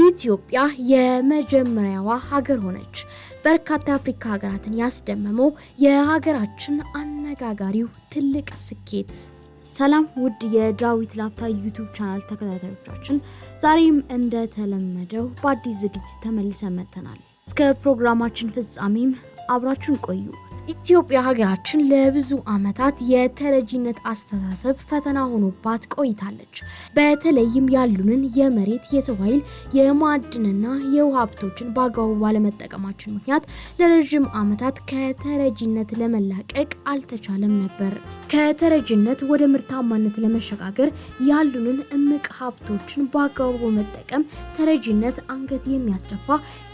ኢትዮጵያ የመጀመሪያዋ ሀገር ሆነች። በርካታ የአፍሪካ ሀገራትን ያስደመመው የሀገራችን አነጋጋሪው ትልቅ ስኬት። ሰላም ውድ የድራዊት ላፍታ ዩቱብ ቻናል ተከታታዮቻችን፣ ዛሬም እንደተለመደው በአዲስ ዝግጅት ተመልሰን መጥተናል። እስከ ፕሮግራማችን ፍጻሜም አብራችን ቆዩ። ኢትዮጵያ ሀገራችን ለብዙ ዓመታት የተረጂነት አስተሳሰብ ፈተና ሆኖባት ቆይታለች። በተለይም ያሉንን የመሬት፣ የሰው ኃይል፣ የማዕድንና የውሃ ሀብቶችን በአግባቡ ባለመጠቀማችን ምክንያት ለረዥም ዓመታት ከተረጂነት ለመላቀቅ አልተቻለም ነበር። ከተረጂነት ወደ ምርታማነት ለመሸጋገር ያሉንን እምቅ ሀብቶችን በአግባቡ በመጠቀም ተረጂነት አንገት የሚያስደፋ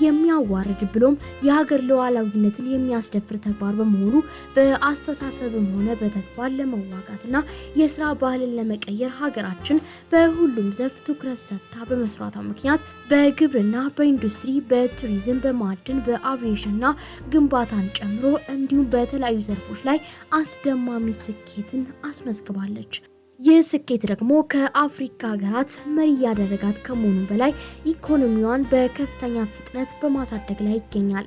የሚያዋርድ ብሎም የሀገር ሉዓላዊነትን የሚያስደፍር ተግባር በመሆኑ በአስተሳሰብም ሆነ በተግባር ለመዋጋትና የስራ ባህልን ለመቀየር ሀገራችን በሁሉም ዘርፍ ትኩረት ሰጥታ በመስራቷ ምክንያት በግብርና፣ በኢንዱስትሪ፣ በቱሪዝም፣ በማዕድን፣ በአቪዬሽንና ግንባታን ጨምሮ እንዲሁም በተለያዩ ዘርፎች ላይ አስደማሚ ስኬትን አስመዝግባለች። ይህ ስኬት ደግሞ ከአፍሪካ ሀገራት መሪ ያደረጋት ከመሆኑ በላይ ኢኮኖሚዋን በከፍተኛ ፍጥነት በማሳደግ ላይ ይገኛል።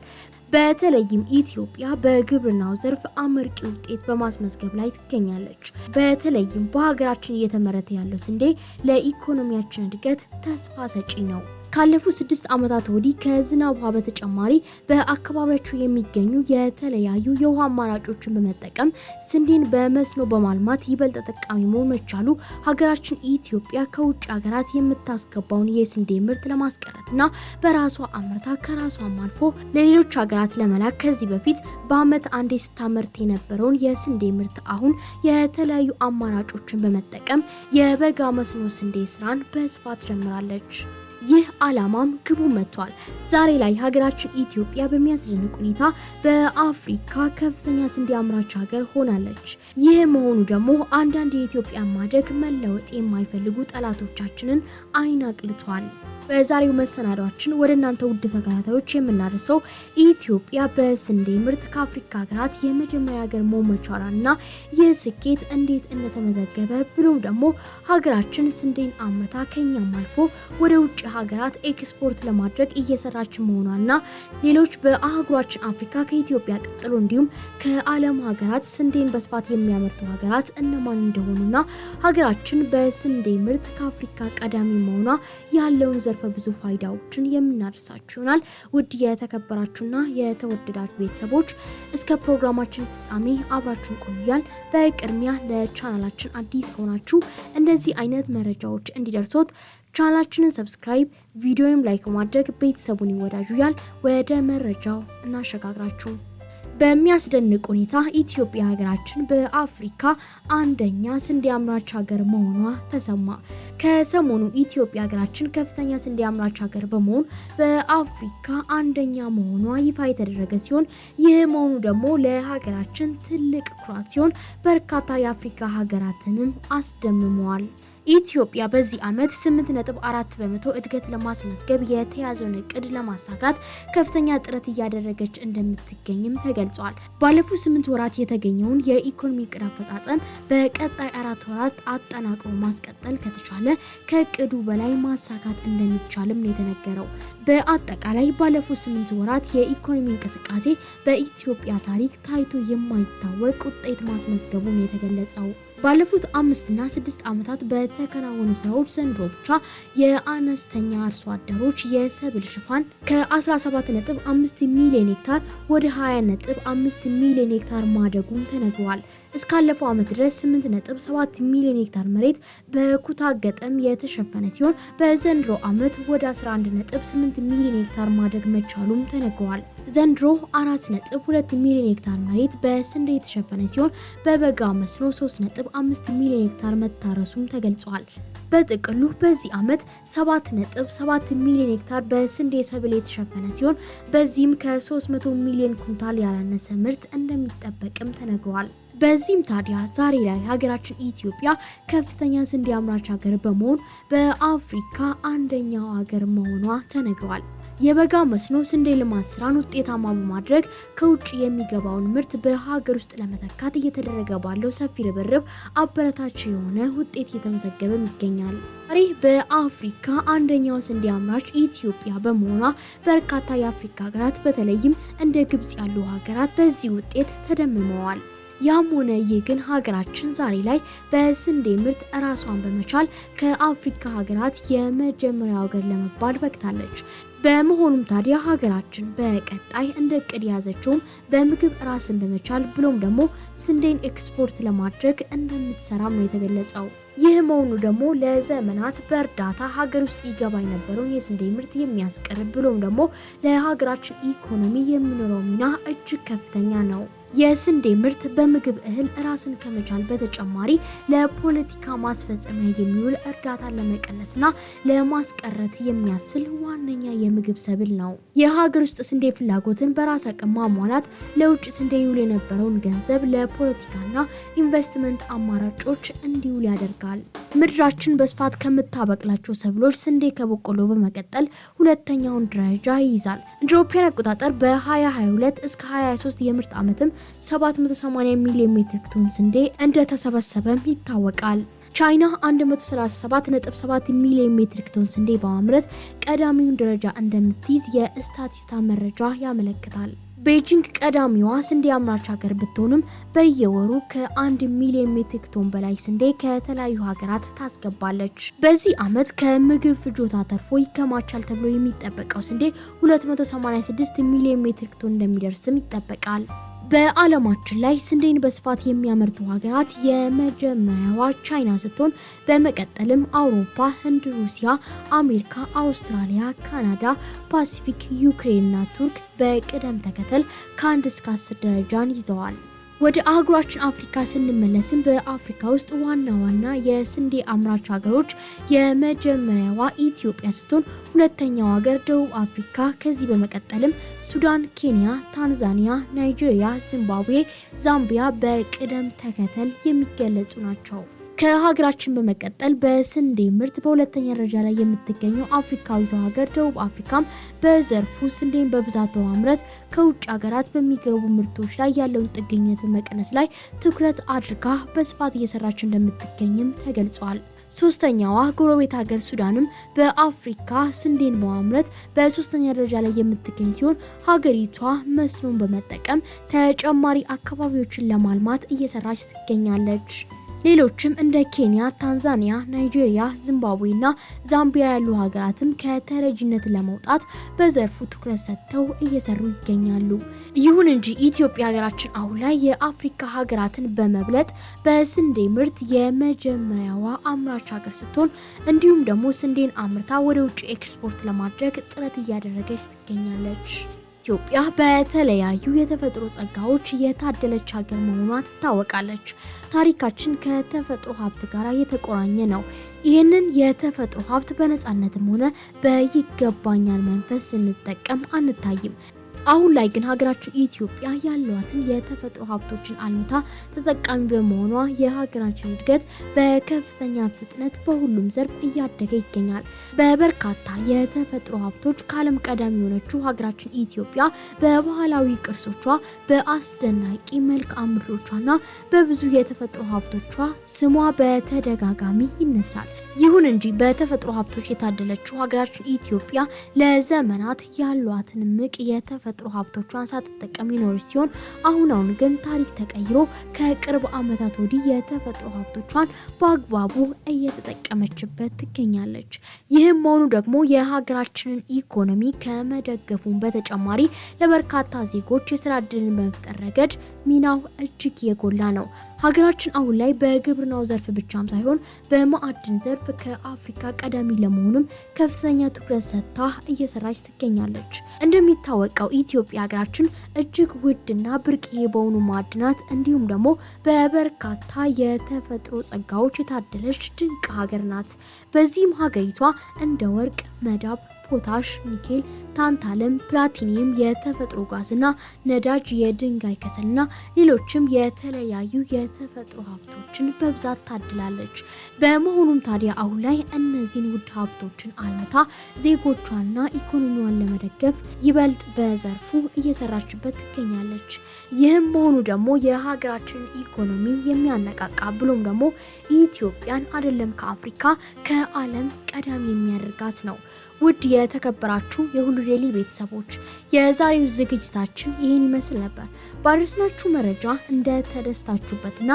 በተለይም ኢትዮጵያ በግብርናው ዘርፍ አመርቂ ውጤት በማስመዝገብ ላይ ትገኛለች። በተለይም በሀገራችን እየተመረተ ያለው ስንዴ ለኢኮኖሚያችን እድገት ተስፋ ሰጪ ነው። ካለፉት ስድስት ዓመታት ወዲህ ከዝናብ ውሃ በተጨማሪ በአካባቢያቸው የሚገኙ የተለያዩ የውሃ አማራጮችን በመጠቀም ስንዴን በመስኖ በማልማት ይበልጥ ተጠቃሚ መሆን መቻሉ ሀገራችን ኢትዮጵያ ከውጭ ሀገራት የምታስገባውን የስንዴ ምርት ለማስቀረትና በራሷ አምርታ ከራሷም አልፎ ለሌሎች ሀገራት ለመላክ ከዚህ በፊት በዓመት አንዴ ስታመርት የነበረውን የስንዴ ምርት አሁን የተለያዩ አማራጮችን በመጠቀም የበጋ መስኖ ስንዴ ስራን በስፋት ጀምራለች። ይህ ዓላማም ግቡ መጥቷል። ዛሬ ላይ ሀገራችን ኢትዮጵያ በሚያስደንቅ ሁኔታ በአፍሪካ ከፍተኛ ስንዴ አምራች ሀገር ሆናለች። ይህ መሆኑ ደግሞ አንዳንድ የኢትዮጵያ ማደግ መለወጥ የማይፈልጉ ጠላቶቻችንን አይን አቅልቷል። በዛሬው መሰናዷችን ወደ እናንተ ውድ ተከታታዮች የምናደርሰው ኢትዮጵያ በስንዴ ምርት ከአፍሪካ ሀገራት የመጀመሪያ ሀገር መሆን መቻሏንና ይህ ስኬት እንዴት እንደተመዘገበ ብሎም ደግሞ ሀገራችን ስንዴን አምርታ ከኛም አልፎ ወደ ውጭ ሀገራት ኤክስፖርት ለማድረግ እየሰራች መሆኗና ሌሎች በአህጉራችን አፍሪካ ከኢትዮጵያ ቀጥሎ እንዲሁም ከዓለም ሀገራት ስንዴን በስፋት የሚያመርቱ ሀገራት እነማን እንደሆኑና ሀገራችን በስንዴ ምርት ከአፍሪካ ቀዳሚ መሆኗ ያለውን ዘርፈ ብዙ ፋይዳዎችን የምናደርሳችሁ ይሆናል። ውድ የተከበራችሁና የተወደዳችሁ ቤተሰቦች እስከ ፕሮግራማችን ፍጻሜ አብራችሁን ቆያል። በቅድሚያ ለቻናላችን አዲስ ከሆናችሁ እንደዚህ አይነት መረጃዎች እንዲደርሶት ቻናላችንን ሰብስክራይብ፣ ቪዲዮንም ላይክ በማድረግ ቤተሰቡን ይወዳጁ። ያል ወደ መረጃው እናሸጋግራችሁ። በሚያስደንቅ ሁኔታ ኢትዮጵያ ሀገራችን በአፍሪካ አንደኛ ስንዴ አምራች ሀገር መሆኗ ተሰማ። ከሰሞኑ ኢትዮጵያ ሀገራችን ከፍተኛ ስንዴ አምራች ሀገር በመሆን በአፍሪካ አንደኛ መሆኗ ይፋ የተደረገ ሲሆን ይህ መሆኑ ደግሞ ለሀገራችን ትልቅ ኩራት ሲሆን በርካታ የአፍሪካ ሀገራትንም አስደምመዋል። ኢትዮጵያ በዚህ ዓመት 8.4 በመቶ እድገት ለማስመዝገብ የተያዘውን እቅድ ለማሳካት ከፍተኛ ጥረት እያደረገች እንደምትገኝም ተገልጿል። ባለፉት ስምንት ወራት የተገኘውን የኢኮኖሚ እቅድ አፈጻጸም በቀጣይ አራት ወራት አጠናቅሮ ማስቀጠል ከተቻለ ከእቅዱ በላይ ማሳካት እንደሚቻልም የተነገረው። በአጠቃላይ ባለፉት 8 ወራት የኢኮኖሚ እንቅስቃሴ በኢትዮጵያ ታሪክ ታይቶ የማይታወቅ ውጤት ማስመዝገቡ የተገለጸው። ባለፉት አምስትና ስድስት ዓመታት በተከናወኑ ስራዎች ዘንድሮ ብቻ የአነስተኛ አርሶ አደሮች የሰብል ሽፋን ከ17.5 ሚሊዮን ሄክታር ወደ 20.5 ሚሊዮን ሄክታር ማደጉም ተነግሯል። እስካለፈው ዓመት ድረስ 8.7 ሚሊዮን ሄክታር መሬት በኩታ ገጠም የተሸፈነ ሲሆን በዘንድሮ ዓመት ወደ 11.8 ሚሊዮን ሄክታር ማደግ መቻሉም ተነግሯል። ዘንድሮ 4.2 ሚሊዮን ሄክታር መሬት በስንዴ የተሸፈነ ሲሆን በበጋ መስኖ 3.5 ሚሊዮን ሄክታር መታረሱም ተገልጿል። በጥቅሉ በዚህ ዓመት 7.7 ሚሊዮን ሄክታር በስንዴ ሰብል የተሸፈነ ሲሆን በዚህም ከ300 ሚሊዮን ኩንታል ያላነሰ ምርት እንደሚጠበቅም ተነግሯል። በዚህም ታዲያ ዛሬ ላይ ሀገራችን ኢትዮጵያ ከፍተኛ ስንዴ አምራች ሀገር በመሆን በአፍሪካ አንደኛው ሀገር መሆኗ ተነግሯል። የበጋ መስኖ ስንዴ ልማት ስራን ውጤታማ በማድረግ ከውጭ የሚገባውን ምርት በሀገር ውስጥ ለመተካት እየተደረገ ባለው ሰፊ ርብርብ አበረታች የሆነ ውጤት እየተመዘገበም ይገኛል። ዛሬ በአፍሪካ አንደኛው ስንዴ አምራች ኢትዮጵያ በመሆኗ በርካታ የአፍሪካ ሀገራት በተለይም እንደ ግብጽ ያሉ ሀገራት በዚህ ውጤት ተደምመዋል። ያም ሆነ ይህ ግን ሀገራችን ዛሬ ላይ በስንዴ ምርት ራሷን በመቻል ከአፍሪካ ሀገራት የመጀመሪያ ሀገር ለመባል በቅታለች። በመሆኑም ታዲያ ሀገራችን በቀጣይ እንደ እቅድ የያዘችውም በምግብ ራስን በመቻል ብሎም ደግሞ ስንዴን ኤክስፖርት ለማድረግ እንደምትሰራም ነው የተገለጸው። ይህ መሆኑ ደግሞ ለዘመናት በእርዳታ ሀገር ውስጥ ይገባ የነበረውን የስንዴ ምርት የሚያስቀርብ ብሎም ደግሞ ለሀገራችን ኢኮኖሚ የሚኖረው ሚና እጅግ ከፍተኛ ነው። የስንዴ ምርት በምግብ እህል ራስን ከመቻል በተጨማሪ ለፖለቲካ ማስፈጸሚያ የሚውል እርዳታ ለመቀነስና ለማስቀረት የሚያስችል ዋነኛ የምግብ ሰብል ነው። የሀገር ውስጥ ስንዴ ፍላጎትን በራስ አቅም ማሟላት ለውጭ ስንዴ ይውል የነበረውን ገንዘብ ለፖለቲካና ኢንቨስትመንት አማራጮች እንዲውል ያደርጋል። ምድራችን በስፋት ከምታበቅላቸው ሰብሎች ስንዴ ከበቆሎ በመቀጠል ሁለተኛውን ደረጃ ይይዛል። እንደ አውሮፓውያን አቆጣጠር በ2022 እስከ 23 የምርት ዓመትም 780 ሚሊዮን ሜትሪክ ቶን ስንዴ እንደተሰበሰበም ይታወቃል። ቻይና 137.7 ሚሊዮን ሜትሪክ ቶን ስንዴ በማምረት ቀዳሚውን ደረጃ እንደምትይዝ የስታቲስታ መረጃ ያመለክታል። ቤጂንግ ቀዳሚዋ ስንዴ አምራች ሀገር ብትሆንም በየወሩ ከአንድ ሚሊዮን ሜትሪክ ቶን በላይ ስንዴ ከተለያዩ ሀገራት ታስገባለች። በዚህ ዓመት ከምግብ ፍጆታ ተርፎ ይከማቻል ተብሎ የሚጠበቀው ስንዴ 286 ሚሊዮን ሜትሪክ ቶን እንደሚደርስም ይጠበቃል። በዓለማችን ላይ ስንዴን በስፋት የሚያመርቱ ሀገራት የመጀመሪያዋ ቻይና ስትሆን በመቀጠልም አውሮፓ፣ ህንድ፣ ሩሲያ፣ አሜሪካ፣ አውስትራሊያ፣ ካናዳ፣ ፓሲፊክ፣ ዩክሬን እና ቱርክ በቅደም ተከተል ከአንድ እስከ አስር ደረጃን ይዘዋል። ወደ አህጉራችን አፍሪካ ስንመለስም በአፍሪካ ውስጥ ዋና ዋና የስንዴ አምራች ሀገሮች የመጀመሪያዋ ኢትዮጵያ ስትሆን ሁለተኛው ሀገር ደቡብ አፍሪካ፣ ከዚህ በመቀጠልም ሱዳን፣ ኬንያ፣ ታንዛኒያ፣ ናይጄሪያ፣ ዚምባብዌ፣ ዛምቢያ በቅደም ተከተል የሚገለጹ ናቸው። ከሀገራችን በመቀጠል በስንዴ ምርት በሁለተኛ ደረጃ ላይ የምትገኘው አፍሪካዊቷ ሀገር ደቡብ አፍሪካም በዘርፉ ስንዴን በብዛት በማምረት ከውጭ ሀገራት በሚገቡ ምርቶች ላይ ያለውን ጥገኝነት መቀነስ ላይ ትኩረት አድርጋ በስፋት እየሰራች እንደምትገኝም ተገልጿል። ሶስተኛዋ ጎረቤት ሀገር ሱዳንም በአፍሪካ ስንዴን በማምረት በሶስተኛ ደረጃ ላይ የምትገኝ ሲሆን ሀገሪቷ መስኖን በመጠቀም ተጨማሪ አካባቢዎችን ለማልማት እየሰራች ትገኛለች። ሌሎችም እንደ ኬንያ፣ ታንዛኒያ፣ ናይጄሪያ፣ እና ዛምቢያ ያሉ ሀገራትም ከተረጂነት ለመውጣት በዘርፉ ትኩረት ሰጥተው እየሰሩ ይገኛሉ። ይሁን እንጂ ኢትዮጵያ ሀገራችን አሁን ላይ የአፍሪካ ሀገራትን በመብለጥ በስንዴ ምርት የመጀመሪያዋ አምራች ሀገር ስትሆን እንዲሁም ደግሞ ስንዴን አምርታ ወደ ውጭ ኤክስፖርት ለማድረግ ጥረት እያደረገች ትገኛለች። ኢትዮጵያ በተለያዩ የተፈጥሮ ጸጋዎች የታደለች ሀገር መሆኗ ትታወቃለች። ታሪካችን ከተፈጥሮ ሀብት ጋር የተቆራኘ ነው። ይህንን የተፈጥሮ ሀብት በነፃነትም ሆነ በይገባኛል መንፈስ ስንጠቀም አንታይም። አሁን ላይ ግን ሀገራችን ኢትዮጵያ ያሏትን የተፈጥሮ ሀብቶችን አልምታ ተጠቃሚ በመሆኗ የሀገራችን እድገት በከፍተኛ ፍጥነት በሁሉም ዘርፍ እያደገ ይገኛል። በበርካታ የተፈጥሮ ሀብቶች ከዓለም ቀዳሚ የሆነችው ሀገራችን ኢትዮጵያ በባህላዊ ቅርሶቿ፣ በአስደናቂ መልክዓ ምድሮቿና በብዙ የተፈጥሮ ሀብቶቿ ስሟ በተደጋጋሚ ይነሳል። ይሁን እንጂ በተፈጥሮ ሀብቶች የታደለችው ሀገራችን ኢትዮጵያ ለዘመናት ያሏትን ምቅ የተፈ የተፈጥሮ ሀብቶቿን ሳትጠቀም የኖረች ሲሆን አሁን አሁን ግን ታሪክ ተቀይሮ ከቅርብ ዓመታት ወዲህ የተፈጥሮ ሀብቶቿን በአግባቡ እየተጠቀመችበት ትገኛለች። ይህም መሆኑ ደግሞ የሀገራችንን ኢኮኖሚ ከመደገፉን በተጨማሪ ለበርካታ ዜጎች የስራ እድልን በመፍጠር ረገድ ሚናው እጅግ የጎላ ነው። ሀገራችን አሁን ላይ በግብርናው ዘርፍ ብቻም ሳይሆን በማዕድን ዘርፍ ከአፍሪካ ቀዳሚ ለመሆኑም ከፍተኛ ትኩረት ሰጥታ እየሰራች ትገኛለች። እንደሚታወቀው ኢትዮጵያ ሀገራችን እጅግ ውድና ብርቅዬ በሆኑ ማዕድናት እንዲሁም ደግሞ በበርካታ የተፈጥሮ ጸጋዎች የታደለች ድንቅ ሀገር ናት። በዚህም ሀገሪቷ እንደ ወርቅ፣ መዳብ፣ ፖታሽ፣ ኒኬል ታንታለም፣ ፕላቲኒየም፣ የተፈጥሮ ጋዝና ነዳጅ፣ የድንጋይ ከሰልና ሌሎችም የተለያዩ የተፈጥሮ ሀብቶችን በብዛት ታድላለች። በመሆኑም ታዲያ አሁን ላይ እነዚህን ውድ ሀብቶችን አልመታ ዜጎቿና ኢኮኖሚዋን ለመደገፍ ይበልጥ በዘርፉ እየሰራችበት ትገኛለች። ይህም መሆኑ ደግሞ የሀገራችን ኢኮኖሚ የሚያነቃቃ ብሎም ደግሞ ኢትዮጵያን አይደለም ከአፍሪካ ከዓለም ቀዳሚ የሚያደርጋት ነው። ውድ የተከበራችሁ የሁሉ ዴሊ ቤተሰቦች የዛሬው ዝግጅታችን ይህን ይመስል ነበር። ባደረስናችሁ መረጃ እንደተደስታችሁበትና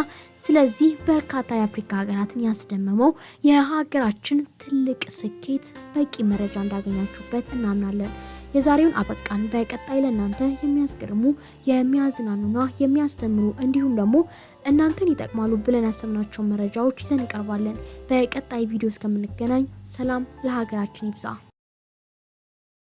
ስለዚህ በርካታ የአፍሪካ ሀገራትን ያስደመመው የሀገራችን ትልቅ ስኬት በቂ መረጃ እንዳገኛችሁበት እናምናለን። የዛሬውን አበቃን። በቀጣይ ለእናንተ የሚያስገርሙ የሚያዝናኑና የሚያስተምሩ እንዲሁም ደግሞ እናንተን ይጠቅማሉ ብለን ያሰብናቸውን መረጃዎች ይዘን እንቀርባለን። በቀጣይ ቪዲዮ እስከምንገናኝ ሰላም ለሀገራችን ይብዛ።